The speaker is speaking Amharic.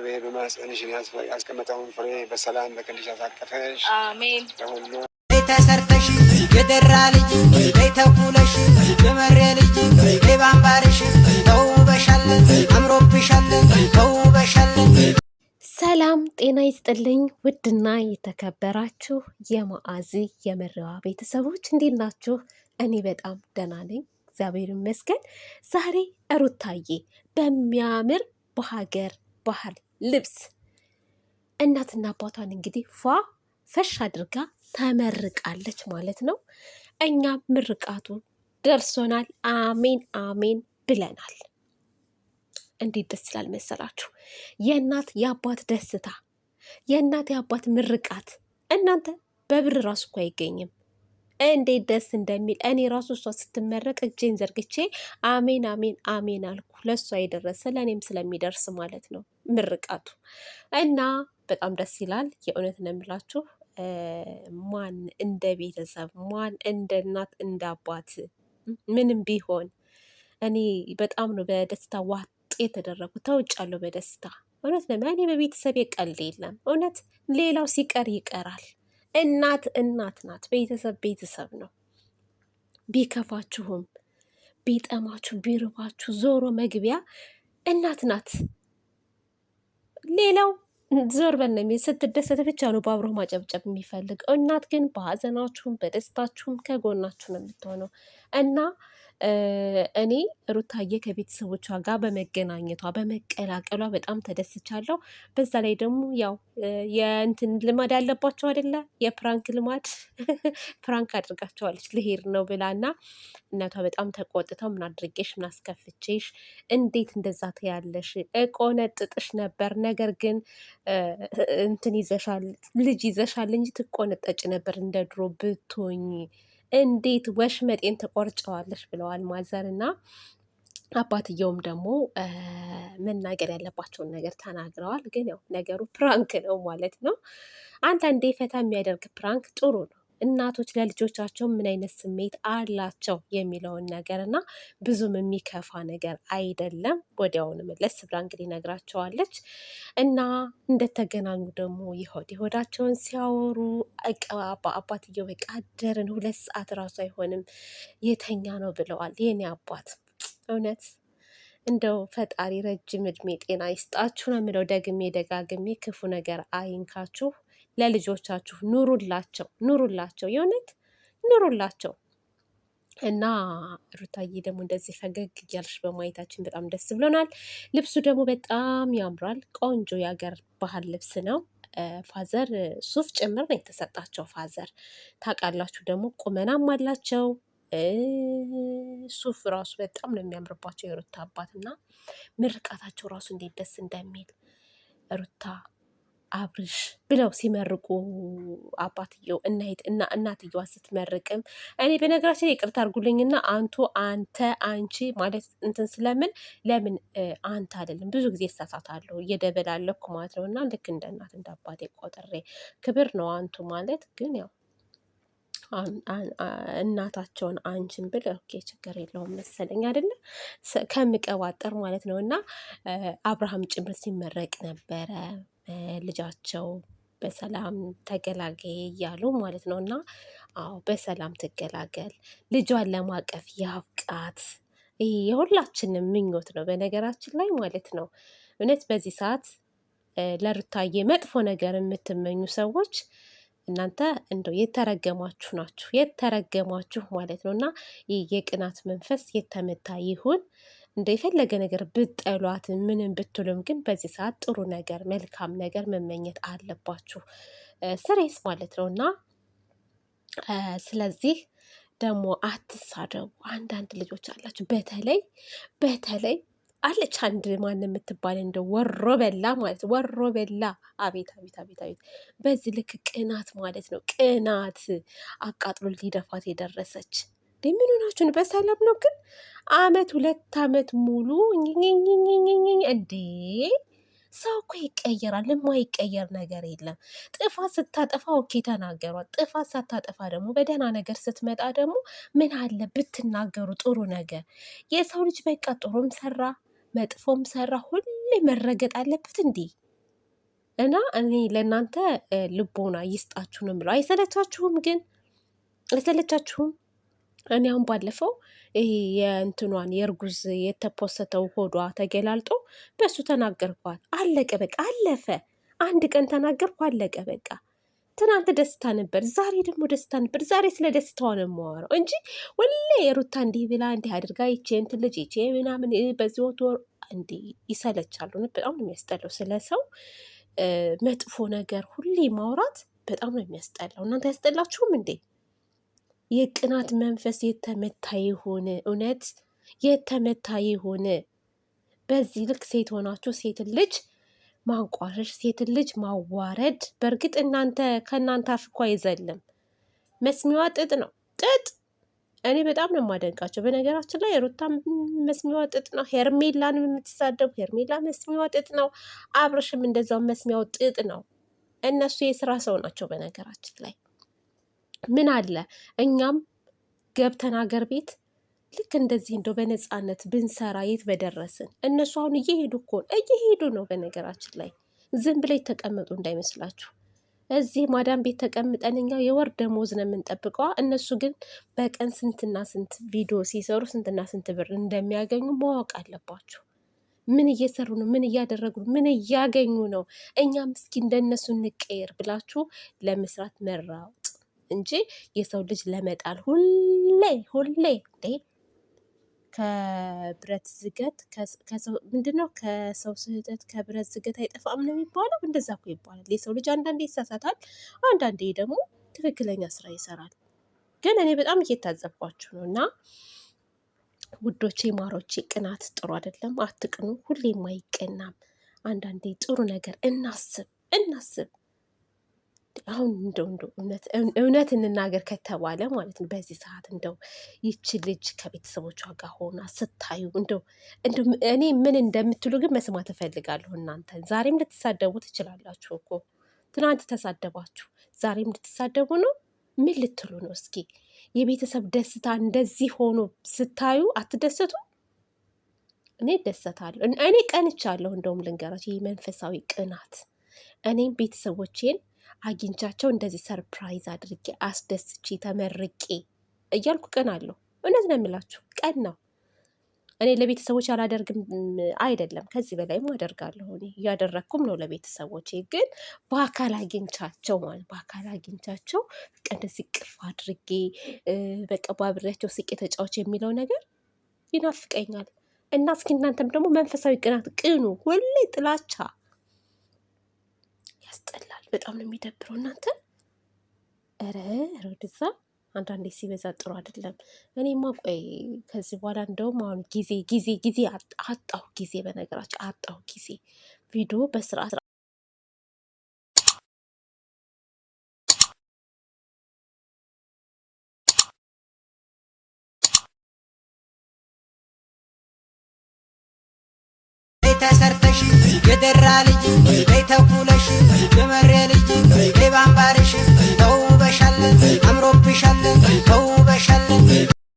እግዚአብሔር በማኅፀንሽን ያስቀመጠውን ፍሬ በሰላም በክንድሽ ያሳቀፈሽ አሜን። ተሰርተሽ የደራ ልጅ ተኩለሽ የመሬ ልጅ ባንባርሽ ተውበሻለን፣ አምሮብሻለን፣ ተውበሻለን። ሰላም ጤና ይስጥልኝ። ውድና የተከበራችሁ የማዓዚ የመረዋ ቤተሰቦች እንዴት ናችሁ? እኔ በጣም ደህና ነኝ እግዚአብሔር ይመስገን። ዛሬ ሩታዬ በሚያምር በሀገር ባህል ልብስ እናትና አባቷን እንግዲህ ፏ ፈሽ አድርጋ ተመርቃለች ማለት ነው። እኛ ምርቃቱ ደርሶናል። አሜን አሜን ብለናል። እንዴት ደስ ይላል መሰላችሁ! የእናት የአባት ደስታ፣ የእናት የአባት ምርቃት እናንተ በብር ራሱ እኮ አይገኝም። እንዴት ደስ እንደሚል እኔ ራሱ እሷ ስትመረቅ እጄን ዘርግቼ አሜን አሜን አሜን አልኩ። ለእሷ የደረሰ ለእኔም ስለሚደርስ ማለት ነው። ምርቃቱ እና በጣም ደስ ይላል። የእውነት ነው የምላችሁ ማን እንደ ቤተሰብ ማን እንደ እናት እንደ አባት ምንም ቢሆን እኔ በጣም ነው በደስታ ዋጥ የተደረጉት። ተውጫለሁ በደስታ እውነት ነው። እኔ በቤተሰብ ቀልድ የለም እውነት። ሌላው ሲቀር ይቀራል። እናት እናት ናት። ቤተሰብ ቤተሰብ ነው። ቢከፋችሁም ቢጠማችሁ ቢርባችሁ ዞሮ መግቢያ እናት ናት። ሌላው ዞር በል የሚል ስትደሰት ብቻ ነው በአብሮ ማጨብጨብ የሚፈልግ። እናት ግን በሀዘናችሁም በደስታችሁም ከጎናችሁ ነው የምትሆነው እና እኔ ሩታዬ ከቤተሰቦቿ ጋር በመገናኘቷ በመቀላቀሏ በጣም ተደስቻለሁ። በዛ ላይ ደግሞ ያው የእንትን ልማድ አለባቸው አይደለ? የፕራንክ ልማድ ፕራንክ አድርጋቸዋለች ልሄድ ነው ብላ እና እናቷ በጣም ተቆጥተው ምን አድርጌሽ ምን አስከፍቼሽ እንዴት እንደዛ ትያለሽ? እቆነጥጥሽ ነበር፣ ነገር ግን እንትን ይዘሻል ልጅ ይዘሻል እንጂ ትቆነጠጭ ነበር እንደ ድሮ ብትሆኝ እንዴት ወሽመጤን ትቆርጨዋለሽ ብለዋል ማዘር እና አባትየውም ደግሞ መናገር ያለባቸውን ነገር ተናግረዋል። ግን ያው ነገሩ ፕራንክ ነው ማለት ነው። አንዳንዴ ፈታ የሚያደርግ ፕራንክ ጥሩ ነው። እናቶች ለልጆቻቸው ምን አይነት ስሜት አላቸው የሚለውን ነገር እና ብዙም የሚከፋ ነገር አይደለም። ወዲያውን መለስ ብላ እንግዲህ ነግራቸዋለች እና እንደተገናኙ ደግሞ ይሆድ ይሆዳቸውን ሲያወሩ አባትየው በቃ አደርን ሁለት ሰዓት ራሱ አይሆንም የተኛ ነው ብለዋል። የኔ አባት እውነት እንደው ፈጣሪ ረጅም እድሜ ጤና ይስጣችሁ ነው የምለው ደግሜ ደጋግሜ ክፉ ነገር አይንካችሁ። ለልጆቻችሁ ኑሩላቸው፣ ኑሩላቸው፣ የእውነት ኑሩላቸው። እና ሩታዬ ደግሞ እንደዚህ ፈገግ እያልሽ በማየታችን በጣም ደስ ብሎናል። ልብሱ ደግሞ በጣም ያምራል። ቆንጆ የሀገር ባህል ልብስ ነው። ፋዘር ሱፍ ጭምር ነው የተሰጣቸው። ፋዘር ታውቃላችሁ ደግሞ ቁመናም አላቸው። ሱፍ ራሱ በጣም ነው የሚያምርባቸው የሩታ አባት እና ምርቃታቸው ራሱ እንዴት ደስ እንደሚል ሩታ አብርሽ ብለው ሲመርቁ አባትየው እናት እና እናትየዋ ስትመርቅም እኔ በነገራችን ይቅርታ አድርጉልኝና አንቱ አንተ አንቺ ማለት እንትን ስለምን ለምን አንተ አይደለም ብዙ ጊዜ እሳሳታለሁ እየደበላለኩ ማለት ነው። እና ልክ እንደ እናት እንደ አባቴ ቆጥሬ ክብር ነው አንቱ ማለት ግን ያው እናታቸውን አንቺን ብል ኦኬ ችግር የለውም መሰለኝ አይደለ ከምቀባጠር ማለት ነው። እና አብርሃም ጭምር ሲመረቅ ነበረ። ልጃቸው በሰላም ተገላገ እያሉ ማለት ነው። እና አዎ በሰላም ትገላገል ልጇን ለማቀፍ ያብቃት። ይሄ የሁላችንም ምኞት ነው በነገራችን ላይ ማለት ነው። እውነት በዚህ ሰዓት ለሩታዬ መጥፎ ነገር የምትመኙ ሰዎች እናንተ እንደው የተረገማችሁ ናችሁ የተረገማችሁ ማለት ነው። እና ይህ የቅናት መንፈስ የተመታ ይሁን እንደ የፈለገ ነገር ብጠሏት ምንም ብትሉም ግን በዚህ ሰዓት ጥሩ ነገር መልካም ነገር መመኘት አለባችሁ። ስሬስ ማለት ነው እና ስለዚህ ደግሞ አትሳደቡ። አንዳንድ ልጆች አላችሁ በተለይ በተለይ አለች አንድ ማን የምትባል እንደ ወሮ በላ ማለት ወሮ በላ። አቤት አቤት አቤት አቤት! በዚህ ልክ ቅናት ማለት ነው። ቅናት አቃጥሎ ሊደፋት የደረሰች ምን ሆናችሁ በሰላም ነው ግን አመት ሁለት አመት ሙሉ እንዴ! ሰው እኮ ይቀየራል። የማይቀየር ነገር የለም። ጥፋት ስታጠፋ ኦኬ ተናገሯል። ጥፋት ሳታጠፋ ደግሞ በደህና ነገር ስትመጣ ደግሞ ምን አለ ብትናገሩ ጥሩ ነገር። የሰው ልጅ በቃ ጥሩም ሰራ መጥፎም ሰራ ሁሌ መረገጥ አለበት እንዴ? እና እኔ ለእናንተ ልቦና ይስጣችሁ ነው ብለው አይሰለቻችሁም? ግን አይሰለቻችሁም? እኔ አሁን ባለፈው ይሄ የእንትኗን የእርጉዝ የተፖሰተው ሆዷ ተገላልጦ በእሱ ተናገርኳት። አለቀ በቃ አለፈ። አንድ ቀን ተናገርኩ፣ አለቀ በቃ። ትናንት ደስታ ነበር፣ ዛሬ ደግሞ ደስታ ነበር። ዛሬ ስለ ደስታው ነው የማወራው እንጂ ወላሂ የሩታ እንዲህ ብላ እንዲህ አድርጋ ይቼ እንትን ልጅ ይቼ ምናምን በዚህ ወር እንዲ ይሰለቻሉ። በጣም ነው የሚያስጠላው። ስለ ሰው መጥፎ ነገር ሁሌ ማውራት በጣም ነው የሚያስጠላው። እናንተ ያስጠላችሁም እንዴ? የቅናት መንፈስ የተመታ የሆነ እውነት የተመታ የሆነ በዚህ ልክ ሴት ሆናችሁ ሴትን ልጅ ማንቋሸሽ፣ ሴትን ልጅ ማዋረድ። በእርግጥ እናንተ ከእናንተ አፍ እኮ አይዘልም። መስሚዋ ጥጥ ነው ጥጥ። እኔ በጣም ነው የማደንቃቸው። በነገራችን ላይ ሩታ መስሚዋ ጥጥ ነው። ሄርሜላንም የምትሳደቡ ሄርሜላ መስሚዋ ጥጥ ነው። አብርሽም እንደዛው መስሚያው ጥጥ ነው። እነሱ የስራ ሰው ናቸው በነገራችን ላይ ምን አለ እኛም ገብተን ሀገር ቤት ልክ እንደዚህ እንደው በነፃነት ብንሰራ የት በደረስን። እነሱ አሁን እየሄዱ እኮ እየሄዱ ነው። በነገራችን ላይ ዝም ብለው የተቀመጡ እንዳይመስላችሁ። እዚህ ማዳም ቤት ተቀምጠን እኛ የወር ደሞዝ ነው የምንጠብቀዋ። እነሱ ግን በቀን ስንትና ስንት ቪዲዮ ሲሰሩ ስንትና ስንት ብር እንደሚያገኙ ማወቅ አለባችሁ። ምን እየሰሩ ነው? ምን እያደረጉ ነው? ምን እያገኙ ነው? እኛም እስኪ እንደነሱ እንቀየር ብላችሁ ለመስራት መራው እንጂ የሰው ልጅ ለመጣል ሁሌ ሁሌ እንዴ ከብረት ዝገት ምንድን ነው? ከሰው ስህተት ከብረት ዝገት አይጠፋም ነው የሚባለው። እንደዛ እኮ ይባላል። የሰው ልጅ አንዳንዴ ይሳሳታል፣ አንዳንዴ ደግሞ ትክክለኛ ስራ ይሰራል። ግን እኔ በጣም እየታዘብኳችሁ ነው እና ውዶቼ ማሮቼ፣ ቅናት ጥሩ አይደለም። አትቅኑ። ሁሌም አይቀናም። አንዳንዴ ጥሩ ነገር እናስብ እናስብ አሁን እንደው እንደው እውነት እንናገር ከተባለ ማለት ነው በዚህ ሰዓት እንደው ይቺ ልጅ ከቤተሰቦቿ ጋር ሆና ስታዩ እንደው እንደው እኔ ምን እንደምትሉ ግን መስማት እፈልጋለሁ። እናንተን ዛሬም ልትሳደቡ ትችላላችሁ እኮ ትናንት ተሳደባችሁ፣ ዛሬም ልትሳደቡ ነው። ምን ልትሉ ነው? እስኪ የቤተሰብ ደስታ እንደዚህ ሆኖ ስታዩ አትደሰቱ? እኔ ደሰታለሁ። እኔ ቀንቻለሁ። እንደውም ልንገራችሁ፣ ይህ መንፈሳዊ ቅናት እኔም ቤተሰቦቼን አግኝቻቸው እንደዚህ ሰርፕራይዝ አድርጌ አስደስቼ ተመርቄ እያልኩ ቀን አለው። እውነት ነው የሚላችሁ ቀን ነው። እኔ ለቤተሰቦች አላደርግም አይደለም፣ ከዚህ በላይም አደርጋለሁ። እኔ እያደረግኩም ነው ለቤተሰቦቼ፣ ግን በአካል አግኝቻቸው ማለት በአካል አግኝቻቸው በቃ እንደዚህ ቅፍ አድርጌ በቃ ባብሬያቸው ስቄ ተጫዎች የሚለው ነገር ይናፍቀኛል። እና እስኪ እናንተም ደግሞ መንፈሳዊ ቅናት ቅኑ፣ ሁሌ ጥላቻ ያስጠላል። በጣም ነው የሚደብረው እናንተ። ኧረ ሮድዛ አንዳንዴ ሲበዛ ጥሩ አይደለም። እኔማ ቆይ ከዚህ በኋላ እንደውም አሁን ጊዜ ጊዜ ጊዜ አጣሁ ጊዜ በነገራችን አጣሁ ጊዜ ቪዲዮ በስርዓት ተሰርተሽ የደራ ልጅ በይተኩለሽ የመሬ ልጅ